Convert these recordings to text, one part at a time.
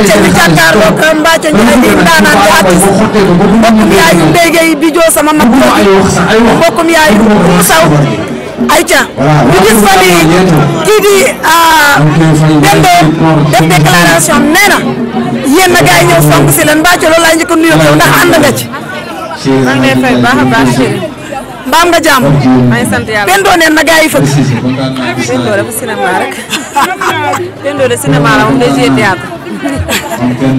Mbacke mi jàkkaarloo ak Mbacke Ndiaye di ndaanaan di mbokkum yaayu Ndeye Gueye di sama mag mbokkum yaayu Saw Aïcha ñu gis fa ni kii di ah, Demba def déclaration am nee na yéen a ñëw fonk si leen loolu laa njëkk a nuyoo yow ndax nga ci. mbaam nga jàmm. maa ngi sant yàlla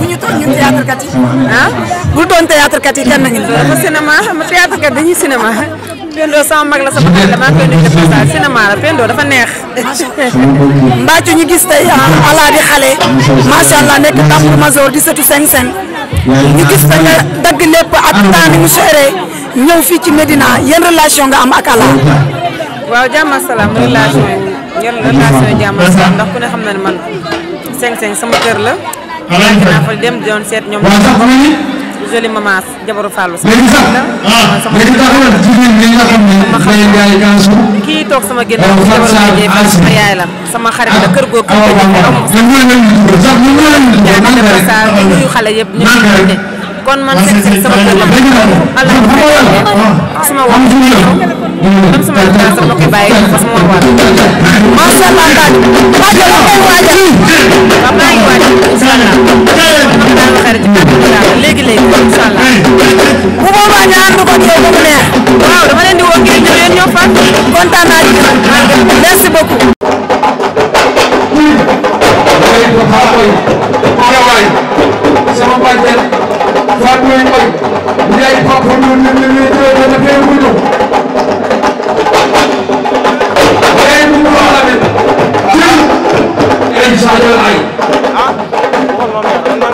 bu ñu toog ñun théâtre kat yi ah bul doon théâtre kat yi kenn ngi dafa cinéma ma théâtre kat dañuy cinéma Pendo sama mag la sama xarit la maa Pendo dafa neex. mbàcc ñu gis tey ala di xale macha allah nekk tambour major di sëtu seng seng ñu gis tey nga dagg lépp ak temps ni mu seeree ñëw fii ci Medina yan relation nga am ak ala. waaw jàmm salaam relation yi yan relation yi salaam ndax ku ne xam na ne man. seng-seng sama kër la yàgg naa fa dem doon seet ñoom joli maman jabaru Fallou sax ah, la sama léegi tax na jigéen ñi nga xam ne may jaay gaasu kii toog sama ginnaaw jabaru Ndiaye Fall sama yaay la sama xarit la ah, kër googu ah, kër googu ñu xale yëpp ñu ngi kon man seen sama kër la Allah sama wax sama sama ko bàyyi léegi léegi incha allah bu boobaa ñu ànd ko ak yow ba mu neex waaw dama leen di woo ngir ñëw yéen ñoo fàq kontaan naa ci merci beaucoup.